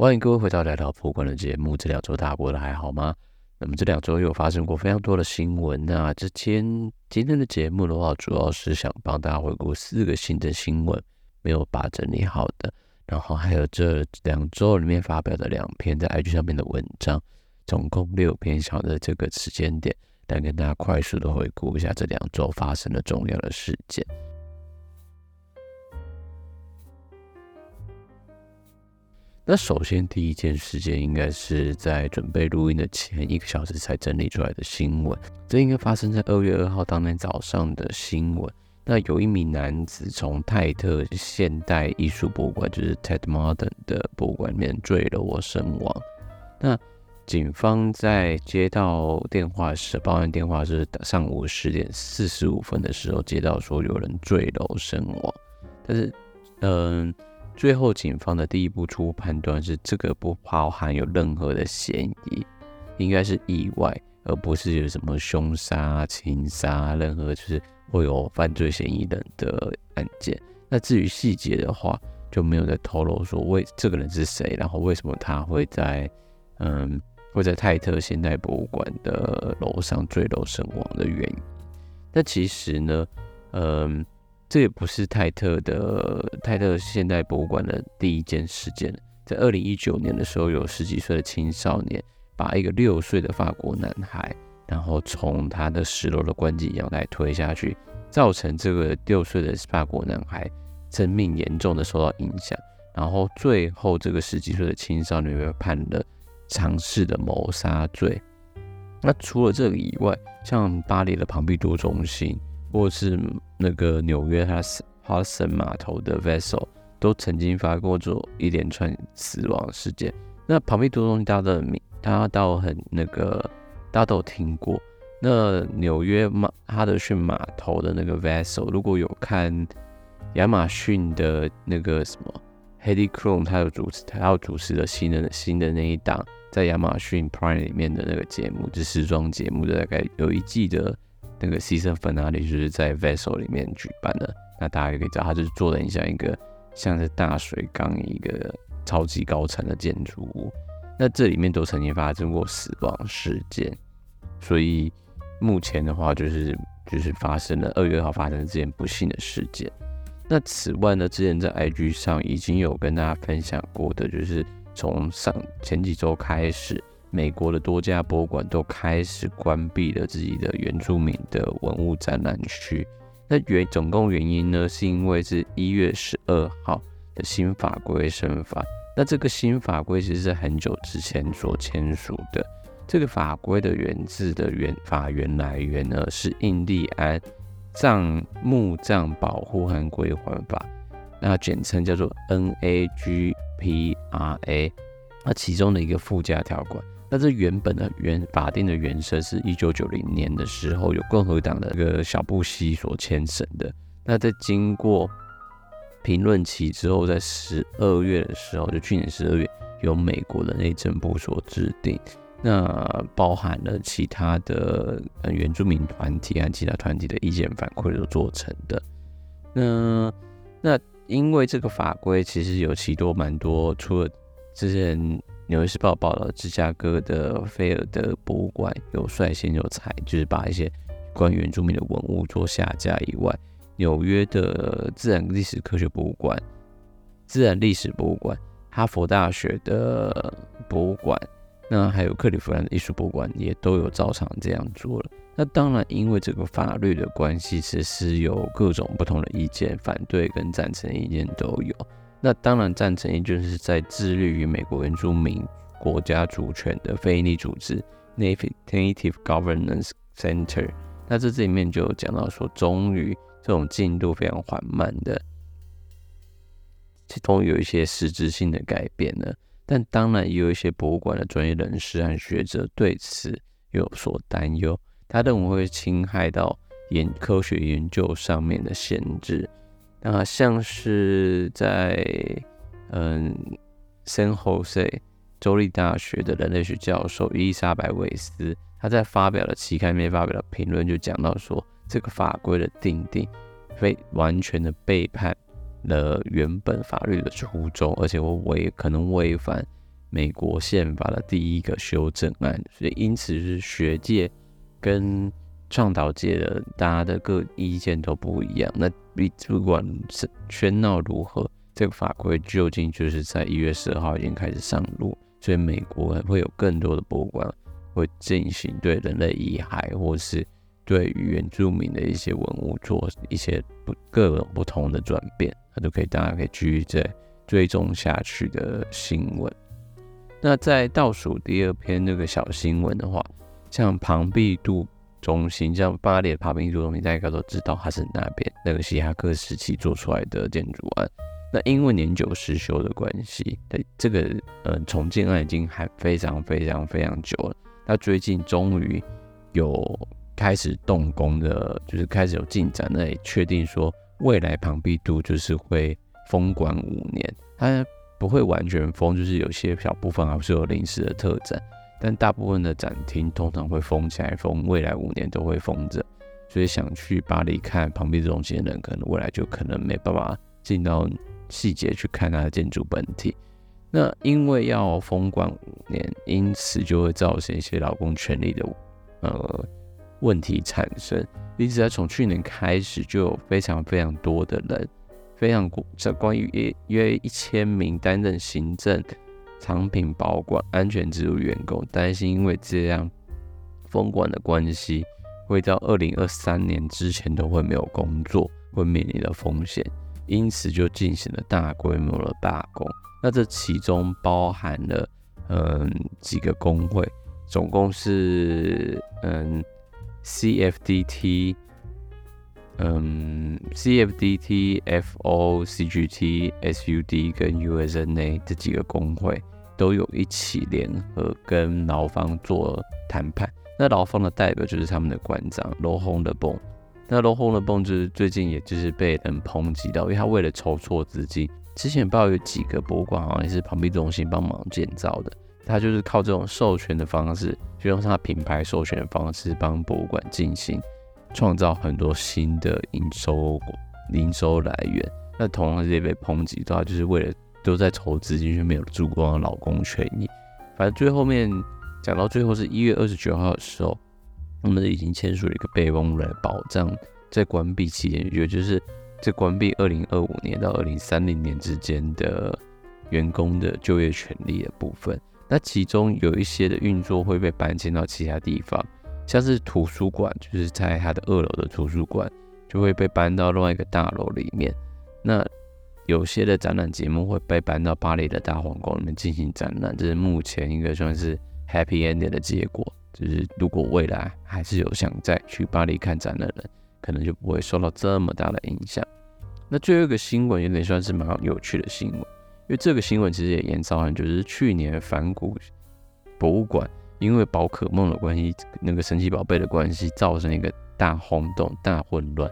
歡迎各位回到來到博物館的節目。這兩週大家過得還好嗎？那麼這兩週又發生過非常多的新聞，那之前，今天的節目的話，主要是想幫大家回顧四個新的新聞，沒有把整理好的，然後還有這兩週裡面發表的兩篇在 IG 上面的文章，總共六篇，想在這個時間點來跟大家快速的回顧一下這兩週發生的重要的事件。那首先，第一件事件應該是在準備錄音的前一個小時才整理出來的新聞。這應該發生在二月二號當天早上的新聞。那有一名男子從泰特現代藝術博物館，就是 Tate Modern 的博物館裡面墜樓身亡。那警方在接到電話時，報案電話是上午十點四十五分的時候接到說有人墜樓身亡，但是，嗯。最後，警方的第一步初步判斷是這個不包含有任何的嫌疑，應該是意外，而不是有什麼兇殺、情殺，任何就是會有犯罪嫌疑人的案件。那至於細節的話，就沒有再透露說為這個人是誰，然後為什麼他會在嗯會在泰特現代博物館的樓上墜樓身亡的原因。但其實呢，嗯。這也不是泰特的泰特現代博物館的第一件事件，在二零一九年的時候，有十幾歲的青少年把一個六歲的法國男孩，然後從他的十樓的觀景陽台推下去，造成這個六歲的法國男孩生命嚴重的受到影響，然後最後這個十幾歲的青少年又被判了嘗試的謀殺罪。那除了這個以外，像巴黎的龐畢度中心。或是那個紐約哈森、哈德遜碼頭的 vessel 都曾經發過做一連串死亡事件。那旁邊都東西大家大到很那個大家都有、那個、聽過。那紐約哈德遜碼頭的那個 vessel，如果有看亞馬遜的那個什麼 Heidi Klum 他有主持，他要主持了新的新的那一檔在亞馬遜 Prime 裡面的那個節目，就是時裝節目的大概有一季的。那個西森粉那裡就是在 Vessel 裡面舉辦的，那大家也可以知道，它就是做得很像一個像是大水缸一個超級高層的建築物，那這裡面都曾經發生過死亡事件，所以目前的話就是就是發生了二月二號發生了這件不幸的事件，那此外呢，之前在 IG 上已經有跟大家分享過的，就是從上前幾週開始。美國的多家博物館都開始關閉了自己的原住民的文物展覽區。那原總共原因呢，是因為是一月十二號的新法規生效。那這個新法規其實是很久之前所簽署的。這個法規的源自的原，的原法源來源呢，是《印第安葬墓葬保護和歸還法》，那簡稱叫做 NAGPRA。那其中的一個附加條款。那這原本的原法定的原聲是一九九零年的時候有共和黨的這個小布希所簽署的。那在經過評論期之後，在十二月的時候，就去年十二月由美國的內政部所制定，那包含了其他的原住民團體和其他團體的意見反饋都做成的。那那因為這個法規其實有其多蠻多，除了之前。《紐約時報》報道，芝加哥的菲爾德博物館有率先有才，就是把一些關於原住民的文物做下架以外，紐約的自然歷史科學博物館、自然歷史博物館、哈佛大學的博物館，那還有克利夫蘭藝術博物館，也都有照常這樣做了。那當然，因為這個法律的關係，其實有各種不同的意見，反對跟贊成意見都有。那當然，贊成也就是在致力於美國原住民國家主權的非營利組織 Native Native Governance Center。那這這裡面就有講到說，終於這種進度非常緩慢的，其中有一些實質性的改變了。但當然，也有一些博物館的專業人士和學者對此有所擔憂，他認為會侵害到研科學研究上面的限制。那像是在，嗯，聖荷西州立大學的人類學教授伊麗莎白·韋斯，她在發表的期刊面發表的評論就講到說，這個法規的訂定，被完全的背叛了原本法律的初衷，而且我違可能違反美國憲法的第一個修正案，所以因此是學界跟。倡導界的大家的各意見都不一樣，那不不管是喧鬧如何，這個法規究竟就是在一月十號已經開始上路，所以美國會有更多的博物館會進行對人類遺骸或是對原住民的一些文物做一些不各種不同的轉變，那就可以大家可以繼續在追蹤下去的新聞。那在倒數第二篇那個小新聞的話，像龐畢度。中心像巴黎的龐畢度，中心，大家應該都知道，它是那邊那個希哈克時期做出來的建築案。那因為年久失修的關係，對這個呃重建案已經喊非常非常非常久了。那最近終於有開始動工的，就是開始有進展。那也確定說，未來龐畢度就是會封館五年，它不會完全封，就是有些小部分還是有臨時的特展。但大部分的展廳通常會封起來，封未來五年都會封着，所以想去巴黎看旁邊這種些人，可能未來就可能沒辦法進到細節去看它的建築本體。那因為要封館五年，因此就會造成一些勞工權利的呃問題產生。你知在從去年開始就有非常非常多的人，非常關於，約約一千名擔任行政、藏品保管、安全制度，員工擔心，因為這樣封管的關係，會到二零二三年之前都會沒有工作，會面臨的風險，因此就進行了大規模的罷工。那這其中包含了嗯幾個工會，總共是嗯 CFDT。嗯，CFDT、FO、CGT、SUD 跟 USNA 這幾個工會都有一起聯合跟勞方做談判。那勞方的代表就是他們的館長 Laurent Le Bon。那 Laurent Le Bon 就是最近也就是被人抨擊到，因為他為了籌措資金，之前不知道有幾個博物館、啊、也是龐畢度中心幫忙建造的。他就是靠這種授權的方式，就用他的品牌授權的方式幫博物館進行。創造很多新的營收，營收來源。那同樣也被抨擊，到，就是為了都在籌資金，卻沒有足夠的勞工權益。反正最後面講到最後是一月二十九號的時候，他們已經簽署了一個備忘錄保障在關閉期間，也就是在關閉二零二五年到二零三零年之間的員工的就業權利的部分。那其中有一些的運作會被搬遷到其他地方。像是圖書館，就是在它的二樓的圖書館，就會被搬到另外一個大樓裡面。那有些的展覽節目會被搬到巴黎的大皇宮裡面進行展覽。這是目前應該算是 happy ending 的結果。就是如果未來還是有想再去巴黎看展覽的人，可能就不會受到這麼大的影響。那最後一個新聞有點算是蠻有趣的新聞，因為這個新聞其實也延燒很久，就是去年梵谷博物館。因為寶可夢的關係，那個神奇寶貝的關係，造成一個大轟動、大混亂。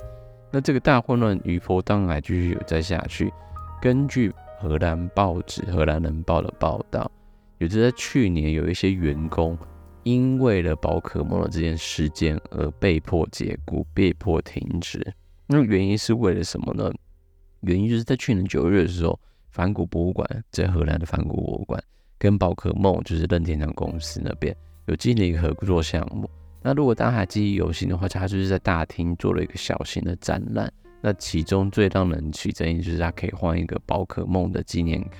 那這個大混亂餘波當然還繼續有在下去。根據荷蘭報紙《荷蘭人報》的報道也就在去年有一些員工因為了寶可夢的這件事件而被迫解僱、被迫停止。那個、原因，是為了什麼呢？原因就是在去年九月的時候，梵谷博物館，在荷蘭的梵谷博物館。跟寶可夢就是任天堂公司那邊有建立一個合作項目。那如果大家還記憶猶新的話，它就，就是在大廳做了一個小型的展覽。那其中最讓人起爭議就是它可以換一個寶可夢的紀念卡。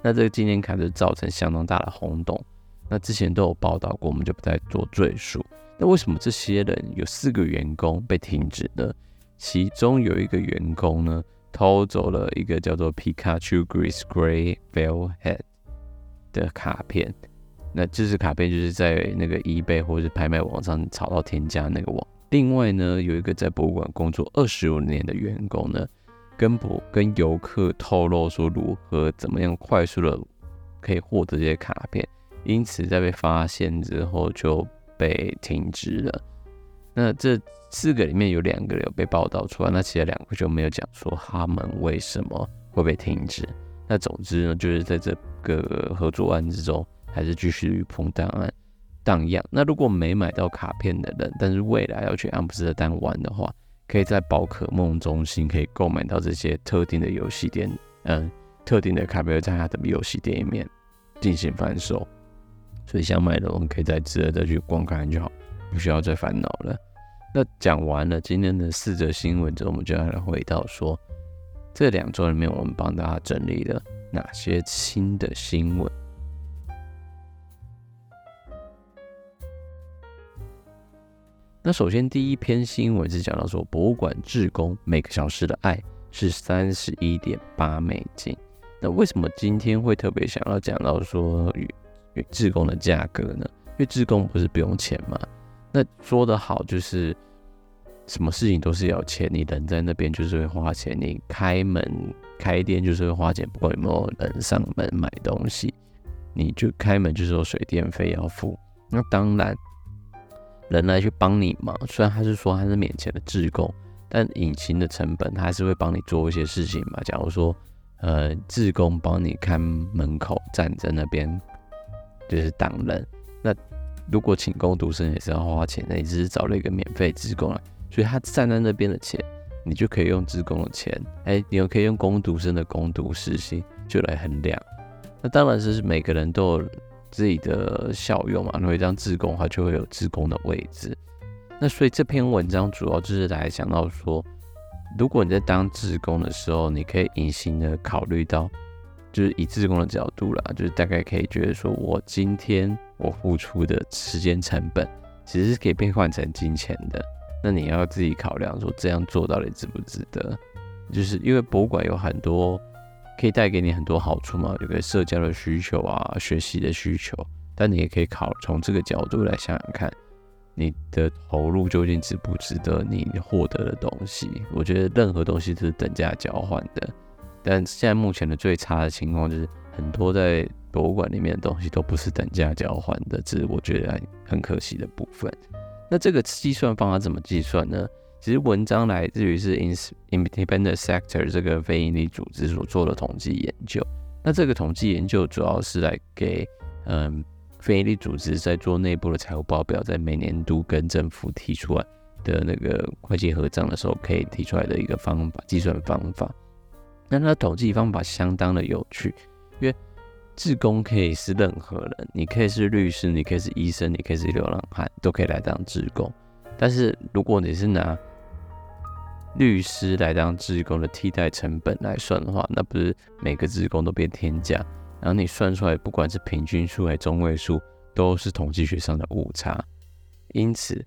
那這個紀念卡就造成相當大的轟動。那之前都有報道過，我們就不再做贅述。那為什麼這些人有四個員工被停職呢？其中有一個員工呢偷走，了一個叫做 Pikachu Grace Gray Bell Head。的卡片，那這些卡片就是在那個 eBay 或是拍賣網上炒到天價那個網。另外呢，有一個在博物館工作二十五年的員工呢，跟博跟遊客透露說如何怎麼樣快速的可以獲得這些卡片，因此在被發現之後就被停職了。那這四個裡面有兩個人有被報道出來，那其他兩個就沒有講說他們為什麼會被停職。那總之呢，就是在這個合作案之中，還是繼續與彭案盪漾。那如果沒買到卡片的人，但是未來要去阿姆斯特丹玩的話，可以在寶可夢中心可以購買到這些特定的遊戲店，嗯、呃，特定的卡片在他的遊戲店裡面進行販售。所以想買的，我們可以在之後再去逛看就好，不需要再煩惱了。那講完了今天的四則新聞之後，我們就要來回到說。這兩周裡面，我們幫大家整理了哪些新的新聞？那首先第一篇新聞是講到說，博物館志工每個小時的愛是三十一點八美金。那為什麼今天會特別想要講到說與志工的價格呢？因為志工不是不用錢嗎？那說得好就是。什麼事情都是要錢，你人在那邊就是會花錢，你開門開店就是會花錢，不管有沒有人上門買東西，你就開門就是說水電費要付。那當然，人來去幫你嘛。雖然他是說他是免錢的志工，但隱形的成本他還是會幫你做一些事情嘛。假如說呃，志工幫你看門口站在那邊就是擋人，那如果請工讀生也是要花錢的，你只是找了一個免費志工啊。所以他站在那邊的錢，你就可以用志工的錢，哎，你又可以用工讀生的工讀時薪就來衡量。那當然是每個人都有自己的效用嘛。如果你當志工的話，就會有志工的位置。那所以這篇文章主要就是來講到說，如果你在當志工的時候，你可以隱形的考慮到，就是以志工的角度啦，就是大概可以覺得說，我今天我付出的時間成本其實是可以變換成金錢的。那你要自己考量，說這樣做到底值不值得？就是因為博物館有很多可以帶給你很多好處嘛，有個社交的需求啊，學習的需求。但你也可以考從這個角度來想想看，你的投入究竟值不值得你獲得的東西。我覺得任何東西都是等價交換的。但現在目前的最差的情況就是，很多在博物館裡面的東西都不是等價交換的，這是我覺得很可惜的部分。那這個計算方法怎麼計算呢？其實文章來自於是 Independent Sector 這個非營利組織所做的統計研究。那這個統計研究主要是來給嗯非營利組織在做內部的財務報表，在每年度跟政府提出來的那個會計合賬的時候，可以提出來的一個方法計算方法。那它統計方法相當的有趣，因為志工可以是任何人，你可以是律師，你可以是醫生，你可以是流浪漢，都可以來當志工。但是如果你是拿律師來當志工的替代成本來算的話，那不是每個志工都變天價？然後你算出來，不管是平均數還是中位數，都是統計學上的誤差。因此，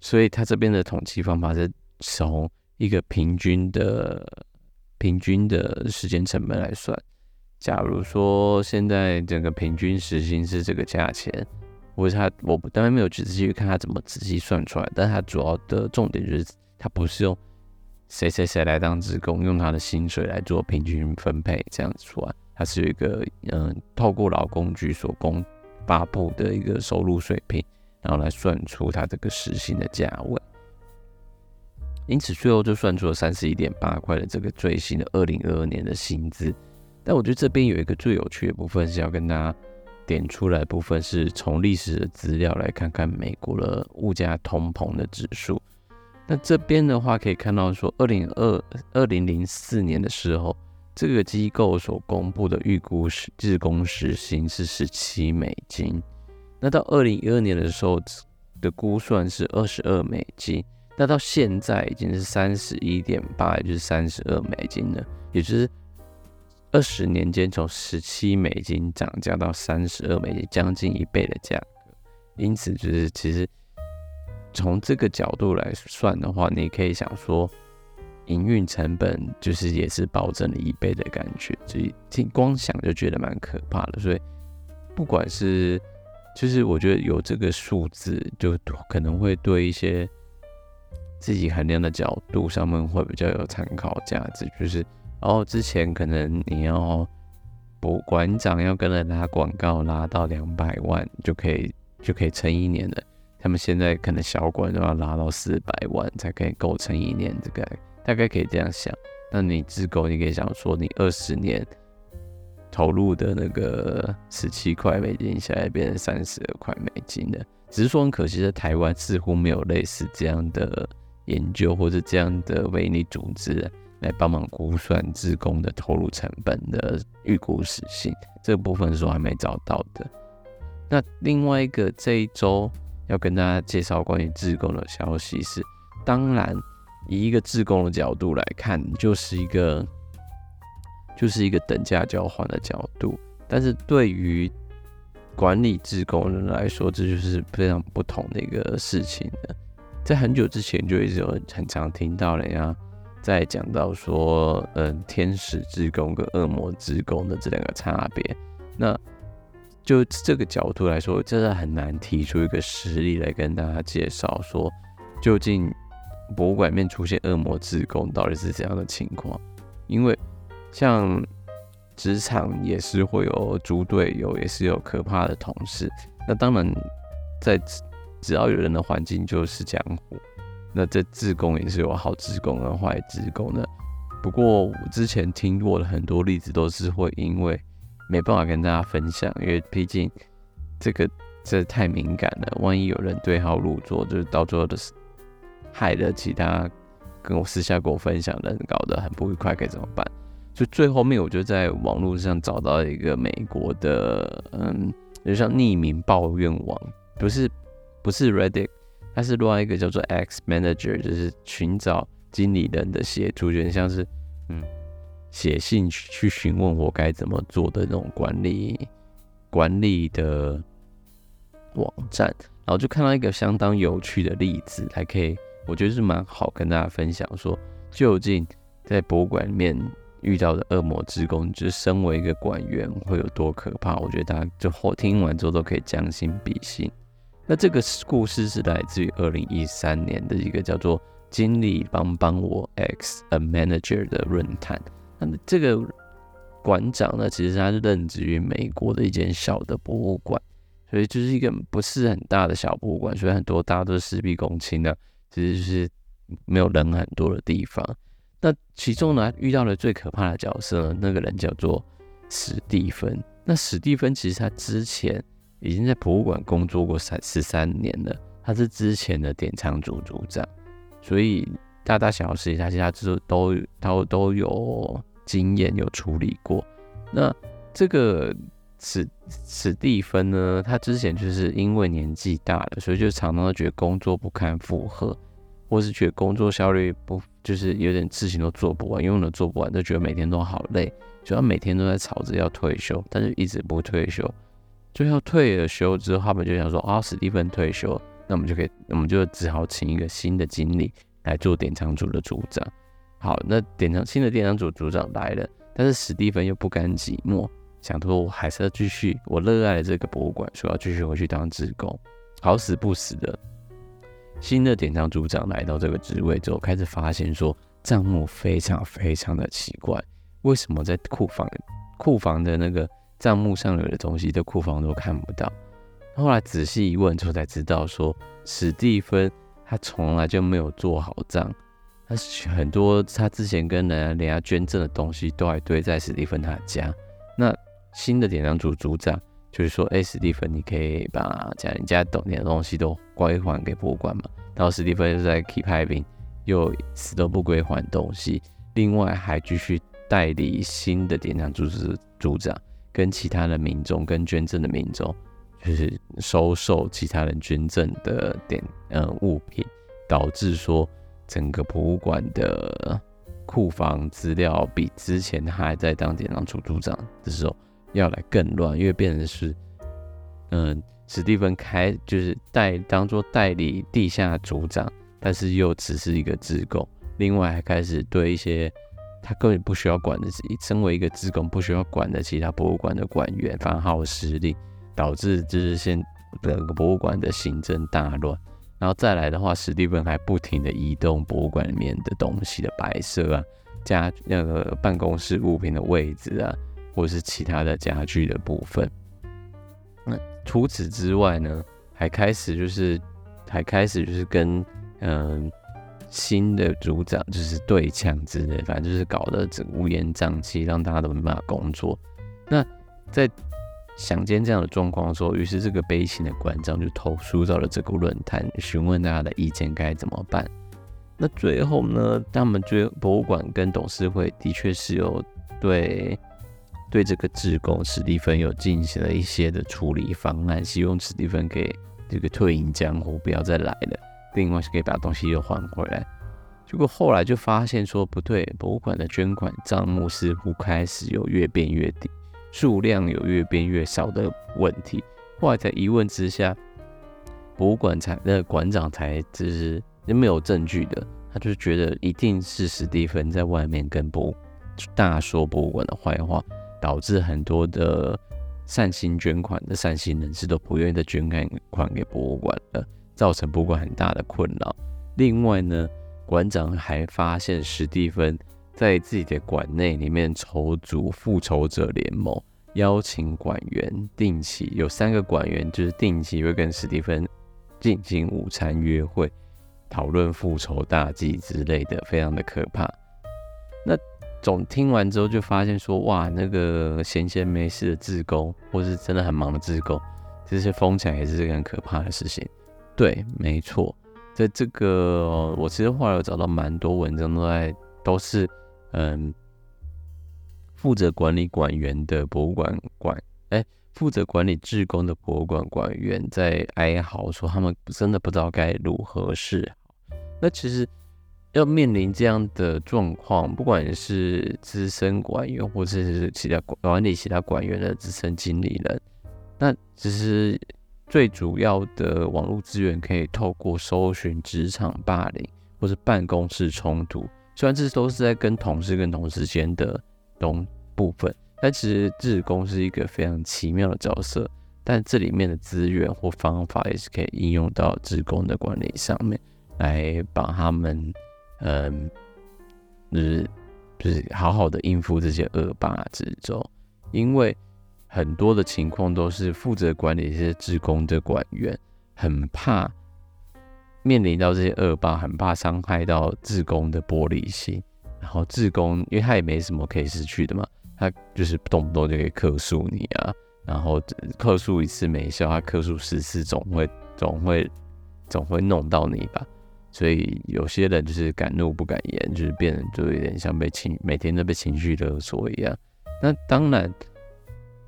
所以他這邊的統計方法是從一個平均的平均的時間成本來算。假如說現在整個平均時薪是這個價錢，我他，我當然沒有仔細去看他怎麼仔細算出來，但他主要的重點就是，他不是用誰誰誰來當志工，用他的薪水來做平均分配這樣子算，他是一個嗯、呃，透過勞工局所公布的一個收入水平，然後來算出他這個時薪的價位，因此最後就算出了三十一點八塊的這個最新的二零二二年的薪資。那我覺得這邊有一個最有趣的部分是要跟大家點出來的部分，是從歷史的資料來看看美國的物價通膨的指數。那這邊的話可以看到說，二零二二零零四年的時候，這個機構所公布的預估是志工時薪是十七美金。那到二零一二年的時候的估算是二十二美金。那到現在已經是三十一點八，也就是三十二美金了，也就是。二十年間，從十七美金漲價到三十二美金，將近一倍的價格。因此，就是其實從這個角度來算的話，你可以想說，營運成本就是也是暴增了一倍的感覺。所以聽光想就覺得蠻可怕的。所以不管是就是我覺得有這個數字，就可能會對一些自己衡量的角度上面會比較有參考價值，就是。然、哦、後之前可能你要博館長要跟人拉廣告拉到兩百萬就可以就可以撐一年了，他們現在可能小館都要拉到四百萬才可以夠撐一年，這個大概可以這樣想。那你自購，你可以想說你二十年投入的那個十七塊美金，現在變成三十二塊美金了。只是說很可惜，在台灣似乎沒有類似這樣的研究或者這樣的維你組織。來幫忙估算志工的投入成本的預估時薪，這個、部分是我還沒找到的。那另外一個這一周要跟大家介紹關於志工的消息是，當然以一個志工的角度來看，就是一個就是一個等價交換的角度，但是對於管理志工人來說，這就是非常不同的一個事情了。在很久之前就一直有很常聽到人家。再講到說，嗯、呃，天使之宮跟惡魔之宮的這兩個差別，那就這個角度來說，真的很難提出一個實例來跟大家介紹說，說究竟博物館裡面出現惡魔之宮到底是怎樣的情況？因為像職場也是會有豬隊友，也是有可怕的同事，那當然在只要有人的環境就是江湖。那這志工也是有好志工跟壞志工的，不過我之前聽過的很多例子都是會因為沒辦法跟大家分享，因為畢竟這個這太敏感了，萬一有人對號入座，就是到最後的是害了其他跟我私下跟我分享的人，搞得很不愉快，該怎麼辦？所以最後面我就在網絡上找到一個美國的，嗯，就像匿名抱怨網，不是不是 Reddit。他是另外一個叫做 X Manager，就是尋找經理人的寫，就像是嗯，寫信去詢問我該怎麼做的那種管理管理的網站，然後就看到一個相當有趣的例子，還可以我覺得是蠻好跟大家分享說，說究竟在博物館裡面遇到的惡魔志工，就是身為一個館員會有多可怕？我覺得大家就後聽完之後都可以將心比心。那這個故事是來自於二零一三年的一個叫做“經理幫幫我 ”x a manager 的論壇。那這個館長呢，其實他是任職於美國的一間小的博物館，所以就是一個不是很大的小博物館，所以很多大家都事必躬親的，其實就是沒有人很多的地方。那其中呢，遇到了最可怕的角色呢，那個人叫做史蒂芬。那史蒂芬其實他之前。已經在博物館工作過三十三年了，他是之前的典藏組組長，所以大大小小事情，他其實他都都都有經驗，有處理過。那這個史史蒂芬呢，他之前就是因為年紀大了，所以就常常覺得工作不堪負荷，或是覺得工作效率不，就是有點事情都做不完，因為永遠做不完，就覺得每天都好累，所以他每天都在吵着要退休，但是一直不退休。最後退了休之後，他們就想說啊，史蒂芬退休，那我們就可以，我們就只好請一個新的經理來做典藏組的組長。好，那典藏新的典藏組組長來了，但是史蒂芬又不甘寂寞，想說我還是要繼續，我熱愛了這個博物館，說要繼續回去當志工。好死不死的，新的典藏組長來到這個職位之後，開始發現說賬目非常非常的奇怪，為什麼在庫房庫房的那個。賬目上有的東西，在庫房都看不到。後來仔細一問，之後才知道說，史蒂芬他從來就沒有做好賬，他很多他之前跟人家人家捐贈的東西都還堆在史蒂芬他家。那新的典當組組長就是說，哎，史蒂芬，你可以把這人家懂點的東西都歸還給博物館嘛？然後史蒂芬就在 keep hiding，又死都不歸還東西，另外還繼續代理新的典當組織組，組，組，組長。跟其他的民眾、跟捐贈的民眾，就是收受其他人捐贈的點，嗯，物品，導致說整個博物館的庫房資料比之前他還在當典藏處組長的時候要來更亂，因為變成是，嗯，史蒂芬開就是代當做代理地下組長，但是又只是一個職工，另外還開始對一些。他根本不需要管的，是，自己身為一個職工，不需要管的其他博物館的館員，發號施令，導致就是現整個博物館的行政大亂。然後再來的話，史蒂芬還不停的移動博物館裡面的東西的擺設啊，家那個辦公室物品的位置啊，或是其他的家具的部分。那除此之外呢，還開始就是還開始就是跟嗯。呃新的組長就是對嗆之類，反正就是搞得這烏煙瘴氣，讓大家都沒辦法工作。那在想見這樣的狀況的時候，於是這個悲情的館長就投訴到了這個論壇，詢問大家的意見該怎麼辦。那最後呢，他們最博物館跟董事會的確是有對對這個志工史蒂芬有進行了一些的處理方案，希望史蒂芬可以這個退隱江湖，不要再來了。另外是可以把東西又還回來，結果後來就發現說不對，博物館的捐款賬目似乎開始有越變越低，數量有越變越少的問題。後來在疑問之下，博物館才那館長才就是沒有證據的，他就覺得一定是史蒂芬在外面跟博大說博物館的壞話，導致很多的善心捐款的善心人士都不願意再捐款給博物館了。造成不過很大的困擾。另外呢，館長還發現史蒂芬在自己的館內裡面籌組復仇者聯盟，邀請館員定期，有三個館員，就是定期會跟史蒂芬進行午餐約會，討論復仇大計之類的，非常的可怕。那總聽完之後就發現說，哇，那個閒閒沒事的志工，或是真的很忙的志工，這些瘋起來也是這個很可怕的事情。對，沒錯，在這個我其實後來有找到蠻多文章都，都在都是嗯，負責管理館員的，博物館館，哎，負責管理志工的博物館館員在哀嚎說，他們真的不知道該如何是好。那其實要面臨這樣的狀況，不管是資深館員或者是其他管理其他館員的資深經理人，那其實。最主要的網絡資源可以透過搜尋職場霸凌或是辦公室衝突，雖然這都是在跟同事跟同事間的東部分，但其實志工是一個非常奇妙的角色。但這裡面的資源或方法也是可以應用到志工的管理上面，來把他們，嗯，就是就是好好的應付這些惡霸之中，因為。很多的情況都是負責管理一些志工的館員很怕面臨到這些惡霸，很怕傷害到志工的玻璃心。然後志工，因為他也沒什麼可以失去的嘛，他就是動不動就可以客訴你啊。然後客訴一次沒效，他客訴十次總會總會總會，總會弄到你吧。所以有些人就是敢怒不敢言，就是變得就有點像被情每天都被情緒勒索一樣。那當然。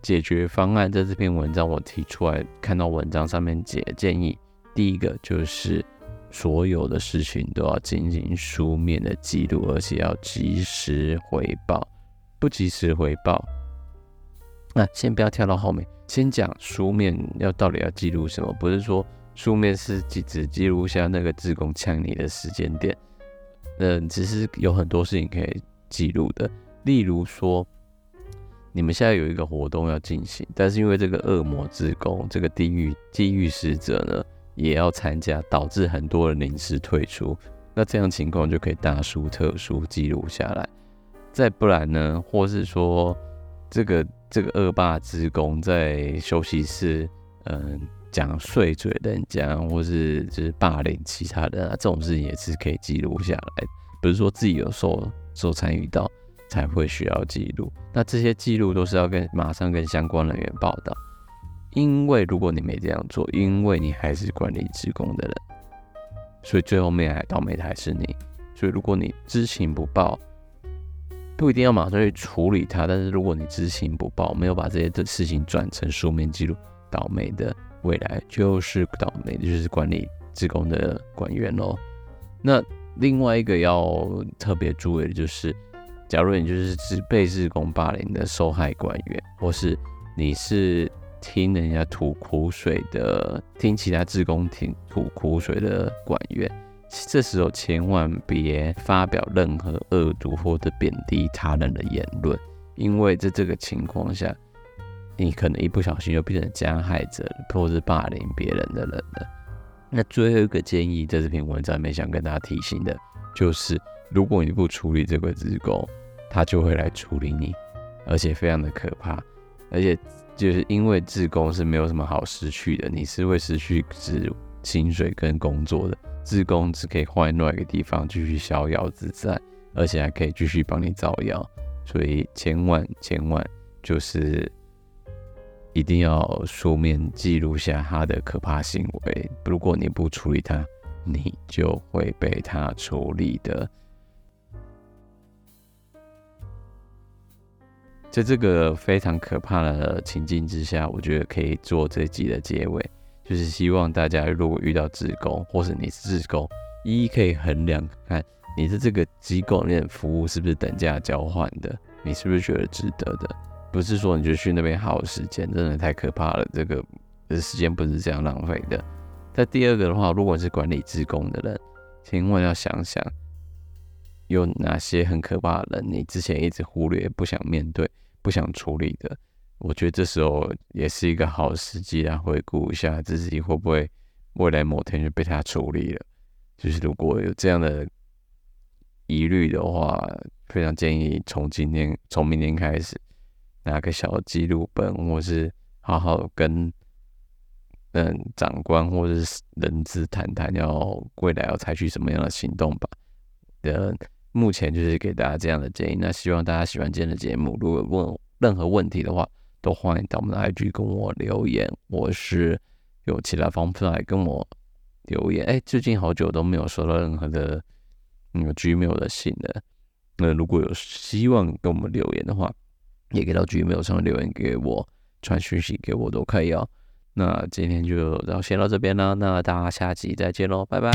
解決方案在這，這篇文章我提出來，看到文章上面解建議，第一個就是所有的事情都要進行書面的記錄，而且要及時回報。不及時回報，那、啊、先不要跳到後面，先講書面要到底要記錄什麼？不是說書面是只記錄下那個志工嗆你的時間點，嗯，只是有很多事情可以記錄的，例如說。你們現在有一個活動要進行，但是因為這個惡魔志工，這個地獄地獄使者呢也要參加，導致很多人臨時退出，那這樣情況就可以大書特書記錄下來。再不然呢，或是說這個這個惡霸志工在休息室，嗯，講碎嘴人家，或是就是霸凌其他人啊，這種事情也是可以記錄下來，不是說自己有候受，受參與到。才會需要記錄，那這些記錄都是要跟馬上跟相關人員報道，因為如果你沒這樣做，因為你還是管理志工的人，所以最後面還倒霉的還是你。所以如果你知情不報，不一定要馬上去處理它，但是如果你知情不報，沒有把這些的事情轉成書面記錄，倒霉的未來就是倒霉就是管理志工的館員嘍。那另外一個要特別注意的就是。假如你就是被志工霸凌的受害官員，或是你是聽人家吐苦水的，聽其他志工聽吐苦水的官員，這時候千萬別發表任何惡毒或者貶低他人的言論，因為在這個情況下，你可能一不小心就變成加害者了，或者是霸凌別人的人了。那最後一個建議，在這篇文章裡想跟大家提醒的，就是如果你不處理這個志工，他就會來處理你，而且非常的可怕，而且就是因為志工是沒有什麼好失去的，你是會失去自薪水跟工作的，志工是可以換另外一個地方繼續逍遙自在，而且還可以繼續幫你造謠，所以千萬千萬就是一定要書面記錄下他的可怕行為，如果你不處理他，你就會被他處理的。在這個非常可怕的情境之下，我覺得可以做這一集的結尾，就是希望大家如果遇到志工，或是你志工，一,一可以衡量看你的這個機構裡的服務是不是等價交換的，你是不是覺得值得的？不是說你就去那邊耗時間，真的太可怕了，這個時間不是這樣浪費的。那第二個的話，如果是管理志工的人，千萬要想想有哪些很可怕的人，你之前一直忽略、不想面對。不想處理的，我覺得這時候也是一個好時機啊，回顧一下自己會不會未來某天就被他處理了。就是如果有這樣的疑慮的話，非常建議從今天、從明天開始拿個小記錄本，或是好好跟嗯長官或者是人資談談，要未來要採取什麼樣的行動吧。嗯。目前就是給大家這樣的建議，那希望大家喜歡今天的節目。如果問任何問題的話，都歡迎到我們的 IG 跟我留言，或是有其他方法來跟我留言。哎、欸，最近好久都沒有收到任何的那個、嗯、Gmail 的信了。那如果有希望跟我們留言的話，也可以到 Gmail 上留言給我，傳訊息給我都可以哦。那今天就到先到這邊了，那大家下期再見嘍，拜拜。